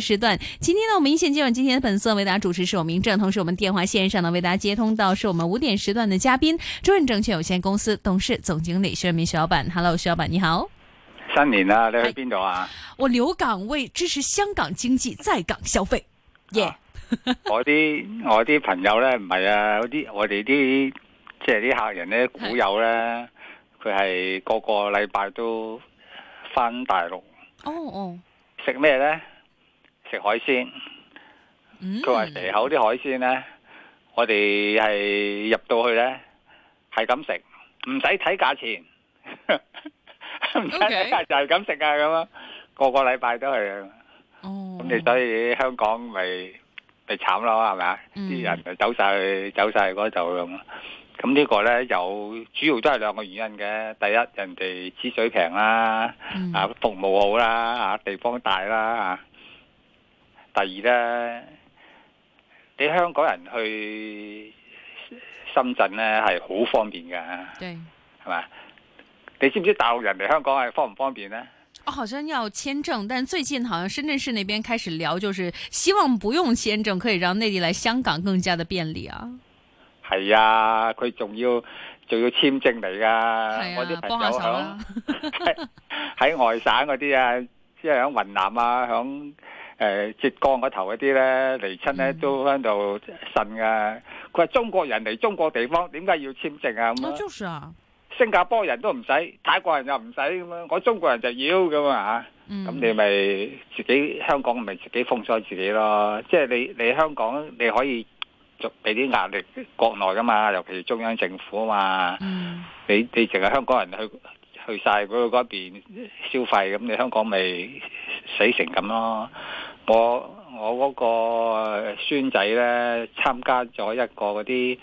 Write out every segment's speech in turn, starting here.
時段，今天呢，我們一線接上今天的本色，為大家主持是我明正，同時我們電話線上呢為大家接通到是我們五點時段的嘉賓，中信證券有限公司董事總經理徐潤民徐老闆，Hello，徐老闆你好，新年啦，你去邊度啊？哎，我留港，為支持香港經濟，在港消費。耶，yeah，我啲我啲朋友咧唔係啊，我啲我哋啲即係啲客人咧，股友咧，佢係、哎、個個禮拜都返大陸。哦哦，oh, oh，食咩咧？食海鮮，佢話蛇口啲海鮮呢，我哋係入到去呢，係咁食，唔使睇價錢， 價錢就係咁食啊咁樣，個個禮拜都係啊。咁、哦、你所以香港咪咪慘咯係咪啊？啲、嗯、人就走晒去，走晒嗰度咯。咁呢個呢，有主要都係兩個原因嘅。第一，人哋資水平啦，嗯、啊服務好啦，啊地方大啦。啊第二咧，你香港人去深圳咧，係好方便噶，係咪對？你知唔知大陸人嚟香港係方唔方便咧？哦，好像要簽證，但最近好像深圳市那邊開始聊，就是希望不用簽證，可以讓內地來香港更加的便利啊！係啊，佢仲要仲要簽證嚟噶，啊、我啲朋友下手。喺在 外省嗰啲啊，即係響雲南，南啊，響。誒，浙江嗰頭嗰啲咧，嚟親咧都喺度呻噶，佢係中國人嚟中國地方，點解要簽證啊？咁啊，新加坡人都唔使，泰國人又唔使咁樣，我中國人就要咁啊吓？咁你咪自己香港咪自己封鎖自己咯？即係你你香港你可以做俾啲壓力國內噶嘛，尤其是中央政府啊嘛。你你淨係香港人去去晒嗰嗰邊消費，咁你香港咪？死成咁咯！我我嗰個孫仔咧參加咗一個嗰啲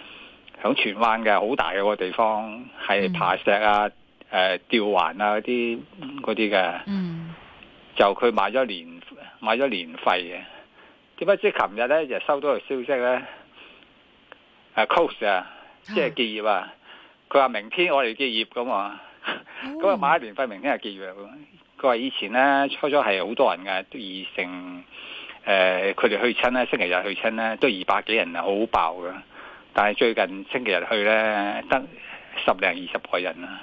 響荃灣嘅好大嘅個地方，係爬石啊、誒、呃、吊環啊嗰啲啲嘅。嗯，就佢買咗年買咗年費嘅。點不知琴日咧就收到個消息咧，係 close 啊，close 即係結業啊。佢話明天我哋結業噶嘛，咁 啊買咗年費，明天係結業啊。佢話以前呢，初初係好多人嘅，都二成，誒佢哋去親呢，星期日去親呢，都二百幾人啊，好爆㗎。但係最近星期日去呢，得十零二十個人啦。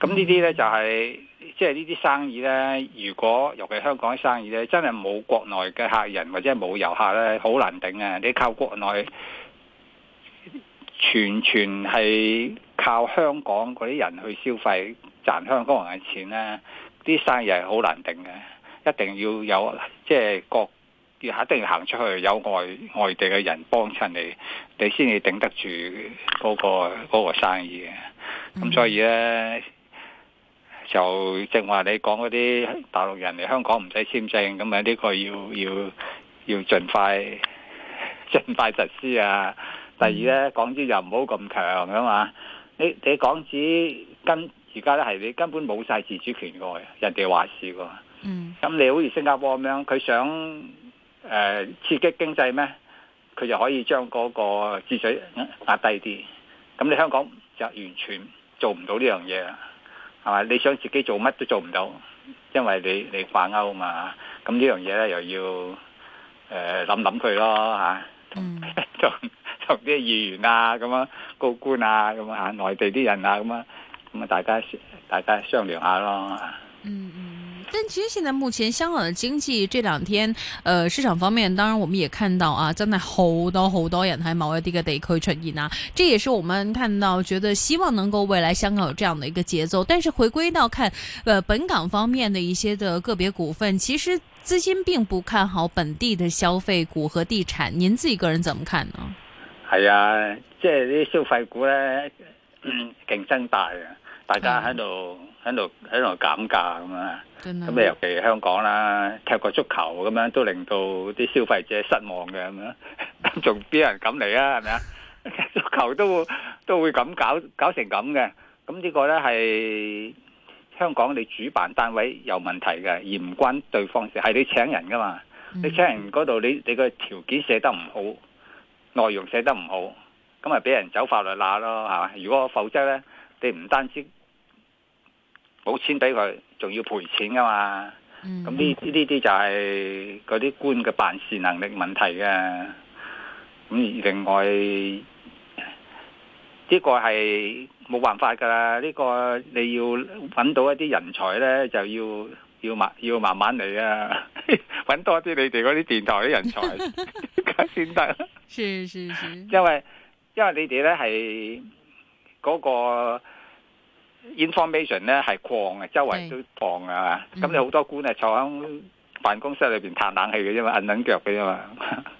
咁呢啲呢，就係即係呢啲生意呢。如果尤其香港啲生意呢，真係冇國內嘅客人或者冇遊客呢，好難頂啊！你靠國內，完全係靠香港嗰啲人去消費，賺香港人嘅錢呢。啲生意係好難頂嘅，一定要有即係嗰，一定要行出去有外外地嘅人幫襯你，你先至頂得住嗰個嗰個生意嘅。咁所以呢，就正話你講嗰啲大陸人嚟香港唔使簽證，咁啊呢個要要要盡快盡快實施啊！第二呢，港紙又唔好咁強嘅嘛，你你港紙跟。而家咧係你根本冇晒自主權嘅，人哋話事喎。嗯。咁你好似新加坡咁樣，佢想誒、呃、刺激經濟咩？佢就可以將嗰個注水壓低啲。咁你香港就完全做唔到呢樣嘢啊，係嘛？你想自己做乜都做唔到，因為你你掛鈎啊嘛。咁呢樣嘢咧又要誒諗諗佢咯嚇，同同同啲議員啊咁樣，高官啊咁樣，內地啲人啊咁樣。咁啊，大家大家商量下咯。嗯嗯，但其實現在目前香港的經濟這兩天，誒、呃、市場方面，當然我們也看到啊，真係好多好多人喺某一啲嘅地區出現啊。這也是我們看到，覺得希望能夠未來香港有這樣的一個節奏。但是回歸到看，誒、呃、本港方面的一些的個別股份，其實資金並不看好本地的消費股和地產。您自己個人怎麼看呢？係啊，即係啲消費股咧，嗯、競爭大啊。大家喺度喺度喺度減價咁樣！咁你，尤其香港啦，踢個足球咁樣都令到啲消費者失望嘅咁樣，仲邊有人敢嚟啊？係咪啊？足球都會都會咁搞搞成咁嘅，咁呢個咧係香港你主辦單位有問題嘅，而唔關對方事，係你請人㗎嘛？你請人嗰度你你個條件寫得唔好，內容寫得唔好，咁咪俾人走法律罅咯係嘛！如果否則咧，你唔單止～冇錢俾佢，仲要賠錢噶嘛？咁呢呢啲就係嗰啲官嘅辦事能力問題嘅。咁另外呢、這個係冇辦法噶啦，呢、這個你要揾到一啲人才呢，就要要慢要慢慢嚟啊。揾 多啲你哋嗰啲電台啲人才先得。是 因為因為你哋呢係嗰、那個。Information 咧係曠嘅，周圍都曠啊，咁是你好多官咧坐響辦公室裏邊嘆冷氣嘅啫嘛，摁捻腳嘅啫嘛。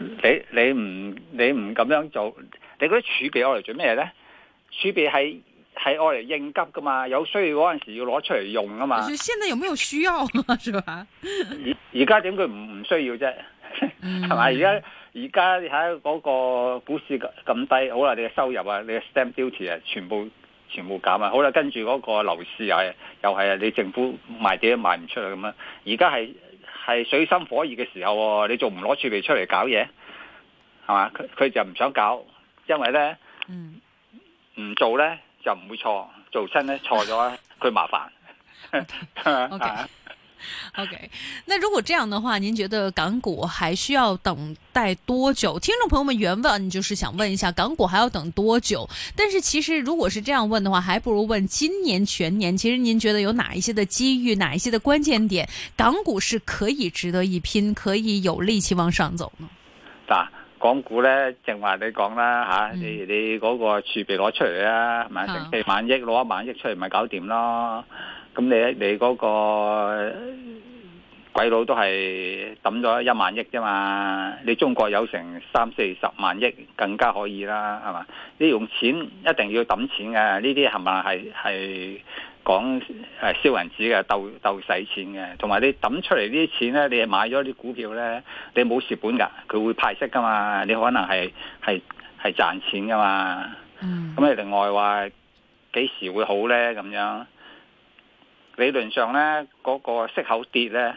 你你唔你唔咁樣做，你嗰啲儲備我嚟做咩咧？儲備係係我嚟應急噶嘛，有需要嗰陣時要攞出嚟用啊嘛。就是現在有沒有需要嘛？係 嘛？而家點佢唔唔需要啫？係嘛？而家而家你睇下嗰個股市咁低，好啦，你嘅收入啊，你嘅 stamp duty 啊，全部全部減啊，好啦，跟住嗰個樓市係又係啊，又你政府賣地都賣唔出嚟咁啊，而家係。係水深火熱嘅時候，哦，你仲唔攞儲備出嚟搞嘢，係嘛？佢佢就唔想搞，因為呢，唔、嗯、做呢，就唔會錯，做親呢，錯咗佢 麻煩。 Okay. Okay. OK，那如果這樣的話，您覺得港股還需要等待多久？聽眾朋友們原本你就是想問一下港股還要等多久？但是其實如果是這樣問的話，還不如問今年全年。其實您覺得有哪一些的機遇，哪一些的關鍵點，港股是可以值得一拼，可以有力氣往上走呢？港股呢，正話你講啦吓，你你嗰個儲備攞出嚟啊，咪成四萬億攞一萬億出嚟咪搞掂咯。咁你你、那、嗰個鬼佬都係抌咗一萬億啫嘛？你中國有成三四十萬億，更加可以啦，係嘛？你用錢一定要抌錢嘅，呢啲係咪係係講係燒銀紙嘅，鬥鬥使錢嘅？同埋你抌出嚟呢啲錢咧，你係買咗啲股票咧，你冇蝕本噶，佢會派息噶嘛？你可能係係係賺錢噶嘛？咁、嗯、你另外話幾時會好咧？咁樣。理論上呢，嗰個息口跌呢，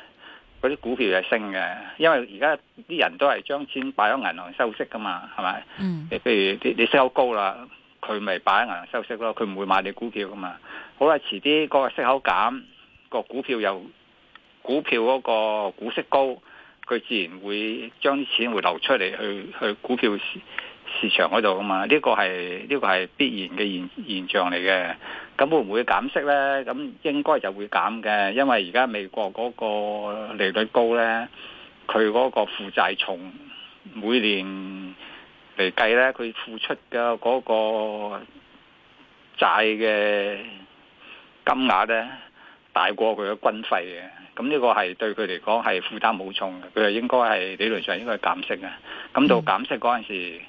嗰啲股票係升嘅，因為而家啲人都係將錢擺喺銀行收息㗎嘛，係咪？嗯，譬如你息口高啦，佢咪擺喺銀行收息咯，佢唔會買你股票㗎嘛。好啦，遲啲個息口減，個股票又股票嗰個股息高，佢自然會將啲錢會流出嚟去去股票。市場嗰度啊嘛，呢、這個係呢、這個係必然嘅現現象嚟嘅。咁會唔會減息呢？咁應該就會減嘅，因為而家美國嗰個利率高呢，佢嗰個負債重，每年嚟計呢，佢付出嘅嗰個債嘅金額呢，大過佢嘅軍費嘅。咁呢個係對佢嚟講係負擔冇重嘅，佢係應該係理論上應該減息嘅。咁到減息嗰陣時。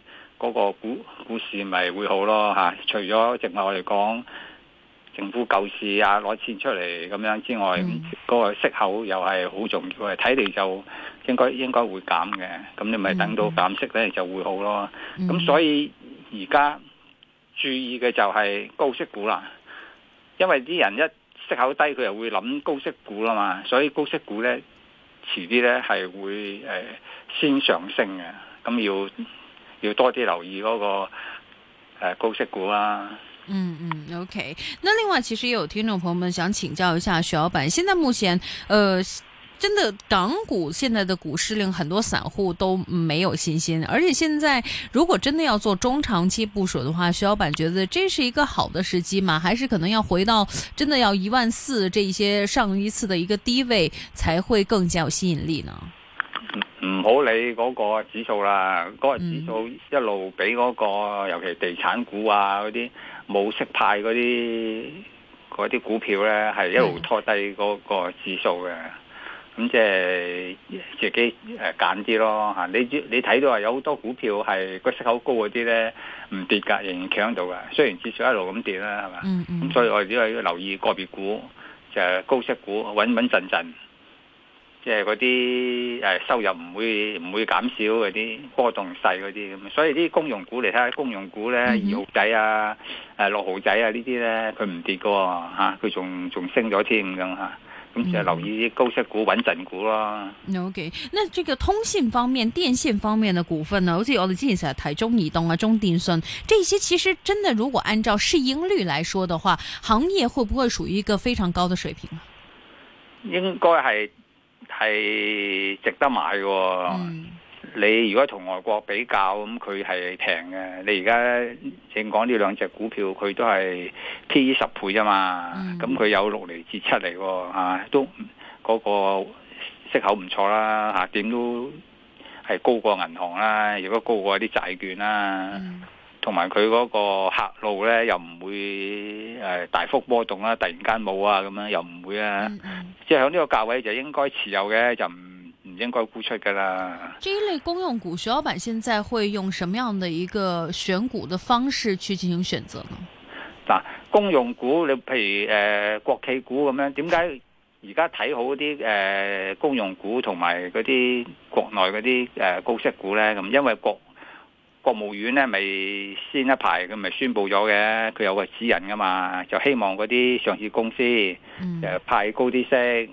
嗰個股股市咪會好咯嚇，除咗之我哋講，政府救市啊，攞錢出嚟咁樣之外，嗯、個息口又係好重要嘅，睇嚟就應該應該會減嘅，咁你咪等到減息咧就會好咯。咁、嗯、所以而家注意嘅就係高息股啦，因為啲人一息口低，佢又會諗高息股啦嘛，所以高息股咧遲啲咧係會誒先上升嘅，咁要。要多啲留意嗰、那個誒、呃、高息股啊。嗯嗯，OK。那另外，其實也有聽眾朋友們想請教一下徐老闆，現在目前，呃，真的港股現在的股市令很多散戶都沒有信心。而且現在如果真的要做中長期部署的話，徐老闆覺得這是一個好的時機嘛？還是可能要回到真的要一萬四這一些上一次的一個低位才會更加有吸引力呢？唔好理嗰個指數啦，嗰、嗰個指數一路俾嗰個，尤其地產股啊嗰啲冇息派嗰啲啲股票咧，係一路拖低嗰個指數嘅。咁即係自己誒揀啲咯嚇。你你睇到話有好多股票係個息口高嗰啲咧，唔跌價仍然企喺度㗎。雖然指數一路咁跌啦，係嘛？咁所以我哋只係留意個別股就係、係、高息股穩穩陣陣。即係嗰啲誒收入唔會唔會減少嗰啲波動細嗰啲，所以啲公用股嚟睇，看看公用股咧，mm hmm. 二號仔啊，誒六號仔啊呢啲咧，佢唔跌㗎吓，佢仲仲升咗添咁吓，咁、啊、就留意啲高息股、穩陣股咯。OK，那這個通信方面、電線方面嘅股份呢？好似我哋之前成日提中移動啊、中電信，這些其實真的如果按照市盈率嚟說的話，行業會不會屬於一個非常高的水平啊？應該係。係值得買嘅、哦，嗯、你如果同外國比較咁，佢係平嘅。你而家正講呢兩隻股票，佢都係 P 十倍啫嘛，咁佢、嗯、有六厘至七厘，啊，都嗰個息口唔錯啦，吓、啊、點都係高過銀行啦，如果高過啲債券啦。嗯同埋佢嗰個客路咧又唔會誒、呃、大幅波動啦。突然間冇啊咁樣又唔會啊，嗯嗯、即係喺呢個價位就應該持有嘅，就唔唔應該沽出噶啦。這一類公用股，徐老闆現在會用什麼樣嘅一個選股嘅方式去進行選擇呢？嗱、呃，公用股你譬如誒、呃、國企股咁樣，點解而家睇好啲誒、呃、公用股同埋嗰啲國內嗰啲誒高息股咧？咁因為國國務院咧咪先一排佢咪宣布咗嘅，佢有個指引噶嘛，就希望嗰啲上市公司就派高啲息，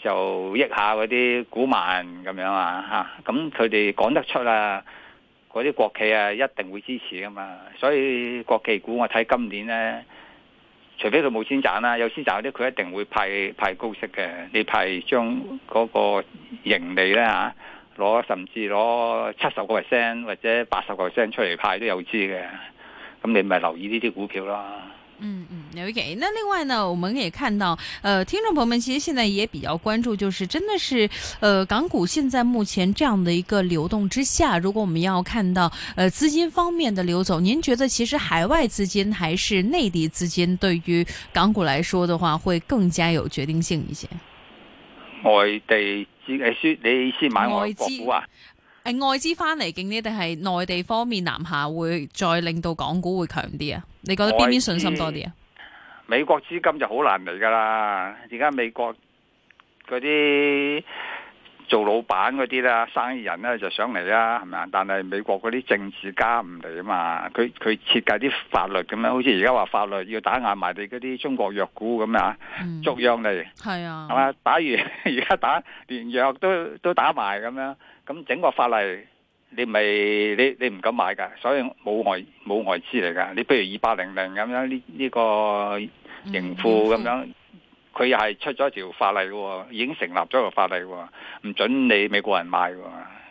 就益下嗰啲股民咁樣啊嚇。咁佢哋講得出啊，嗰啲國企啊一定會支持噶嘛。所以國企股我睇今年咧，除非佢冇錢賺啦，有錢賺啲佢一定會派派高息嘅。你派將嗰個盈利咧嚇。啊攞甚至攞七十個 percent 或者八十個 percent 出嚟派都有資嘅，咁你咪留意呢啲股票啦，嗯。嗯嗯，OK。那另外呢，我們可以看到，呃，聽眾朋友們其實現在也比較關注，就是真的是，呃，港股現在目前這樣的一個流動之下，如果我們要看到，呃，資金方面的流走，您覺得其實海外資金還是內地資金對於港股來說的話，會更加有決定性一些？外地資你先買外資國股啊？外資返嚟勁啲定係內地方面南下會再令到港股會強啲啊？你覺得邊邊信心多啲啊？美國資金就好難嚟噶啦，而家美國嗰啲。做老闆嗰啲啦，生意人咧就想嚟啦，係咪啊？但係美國嗰啲政治家唔嚟啊嘛，佢佢設計啲法律咁樣，好似而家話法律要打壓埋啲嗰啲中國藥股咁、嗯、啊，捉殃嚟，係啊，係嘛？打完而家打連藥都都打埋咁啦，咁整個法例你咪你你唔敢買㗎，所以冇外冇外資嚟㗎。你不如二八零零咁樣呢呢、呢個盈富咁樣。嗯嗯嗯佢又係出咗條法例嘅，已經成立咗個法例，唔准你美國人買嘅，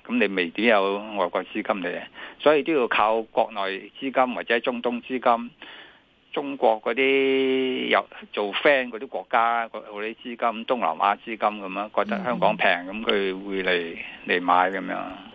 咁你未必有外國資金嚟，所以都要靠國內資金或者中東資金、中國嗰啲有做 friend 嗰啲國家嗰啲資金、東南亞資金咁樣，覺得香港平咁，佢會嚟嚟買咁樣。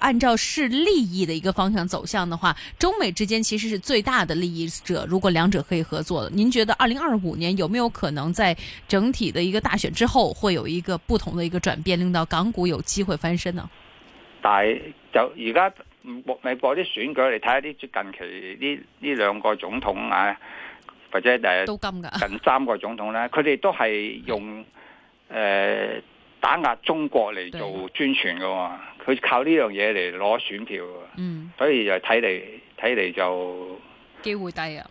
按照是利益的一個方向走向的話，中美之間其實是最大的利益者。如果兩者可以合作的，您覺得二零二五年有沒有可能在整體的一個大選之後，會有一個不同的一個轉變，令到港股有機會翻身呢？但係就而家美國啲選舉嚟睇下啲近期呢呢兩個總統啊，或者誒都金噶近三個總統咧、啊，佢哋都係用誒。 呃打壓中國嚟做宣傳噶嘛？佢靠呢樣嘢嚟攞選票，嗯、所以就睇嚟睇嚟就機會低啊！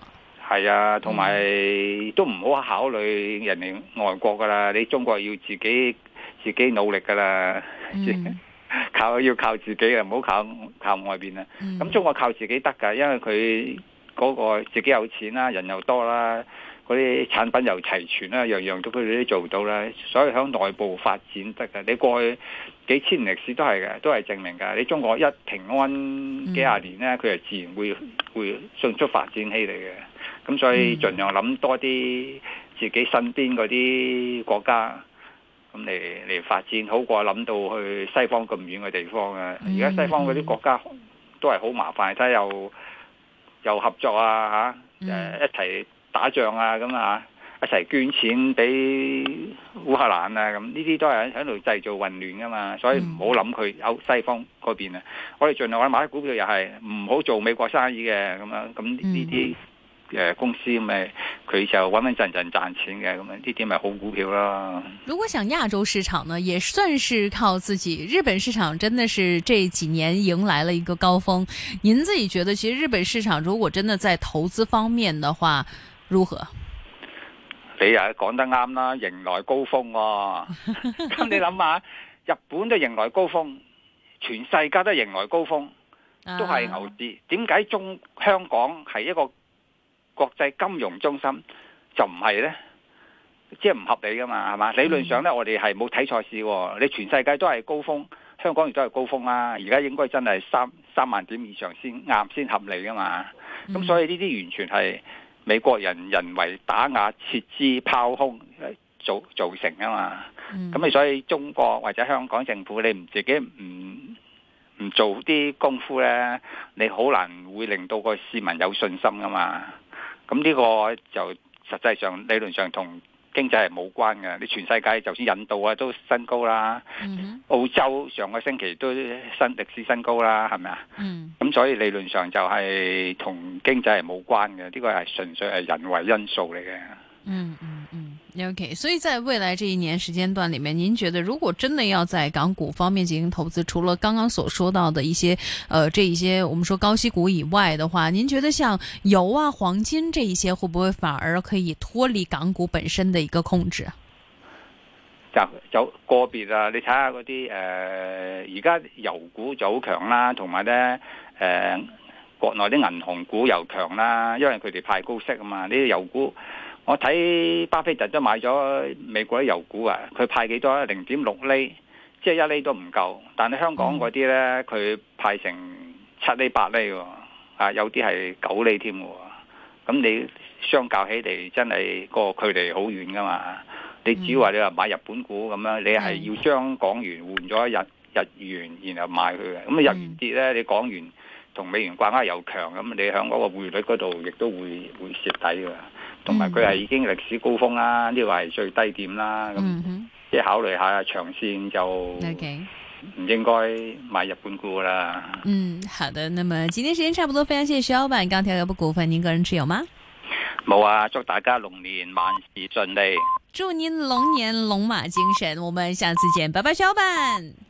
係啊，同埋、嗯、都唔好考慮人哋外國噶啦，你中國要自己自己努力噶啦，嗯、 靠要靠自己啊！唔好靠靠外邊啊！咁、嗯、中國靠自己得噶，因為佢嗰個自己有錢啦，人又多啦。嗰啲產品又齊全啦，樣樣都佢哋都做到啦，所以喺內部發展得㗎。你過去幾千年歷史都係嘅，都係證明㗎。你中國一平安幾十年咧，佢係、嗯、自然會會迅速發展起嚟嘅。咁所以盡量諗多啲自己身邊嗰啲國家咁嚟嚟發展，好過諗到去西方咁遠嘅地方啊。而家、嗯、西方嗰啲國家都係好麻煩，睇下又又合作啊嚇，誒、嗯啊、一齊，打仗啊咁啊，一齊捐錢俾烏克蘭啊咁，呢啲都係喺度製造混亂噶嘛，所以唔好諗佢。有西方嗰邊啊，嗯、我哋盡量我買啲股票又係唔好做美國生意嘅咁樣，咁呢啲誒公司咪佢就穩穩陣陣賺錢嘅咁樣，呢啲咪好股票咯。如果想亞洲市場呢，也算是靠自己。日本市場真的是這幾年迎來了一個高峰。您自己覺得，其實日本市場如果真的在投資方面的話？如何？你又講得啱啦，迎來高峰、啊。咁 你諗下，日本都迎來高峰，全世界都迎來高峰，都係牛市。點解、啊、中香港係一個國際金融中心就唔係呢？即係唔合理噶嘛？係嘛？理論上呢，嗯、我哋係冇睇賽事。你全世界都係高峰，香港亦都係高峰啦、啊。而家應該真係三三萬點以上先啱，先合理噶嘛？咁所以呢啲完全係。美國人，人為打壓、撤資、拋空，做造成啊嘛，咁你、嗯、所以中國或者香港政府，你唔自己唔唔做啲功夫咧，你好難會令到個市民有信心啊嘛，咁呢個就實際上理論上同。經濟係冇關嘅，你全世界就算印度啊都新高啦，mm hmm. 澳洲上個星期都新歷史新高啦，係咪啊？咁、mm hmm. 嗯、所以理論上就係同經濟係冇關嘅，呢個係純粹係人為因素嚟嘅。Mm hmm. o、Okay. k 所以在未來這一年時間段裏面，您覺得如果真的要在港股方面進行投資，除了剛剛所說到的一些，呃，這一些我們說高息股以外的話，您覺得像油啊、黃金這一些，會不會反而可以脫離港股本身的一個控制？就有個別啊，你睇下嗰啲誒，而、呃、家油股走好強啦，同埋呢，誒、呃，國內啲銀行股又強啦，因為佢哋派高息啊嘛，呢啲油股。我睇巴菲特都買咗美國啲油股啊，佢派幾多啊？零點六厘，即係一厘都唔夠。但係香港嗰啲咧，佢派成七厘八厘喎、哦，啊有啲係九厘添、哦、喎。咁你相較起嚟，真係個距離好遠噶嘛？你只要話你話買日本股咁樣，你係要將港元換咗日日元，然後買佢嘅。咁日元跌咧，你港元同美元掛鈎又強，咁你喺嗰個匯率嗰度亦都會會蝕底㗎。同埋佢係已經歷史高峰啦，呢個係最低點啦，咁即係考慮下長線就唔應該買日本股啦。Okay. 嗯，好的，那麼今天時間差唔多，非常謝謝徐老闆，剛剛提到一部股份，您個人持有嗎？冇啊，祝大家龍年萬事順利，祝您龍年龍馬精神，我們下次見，拜拜，徐老闆。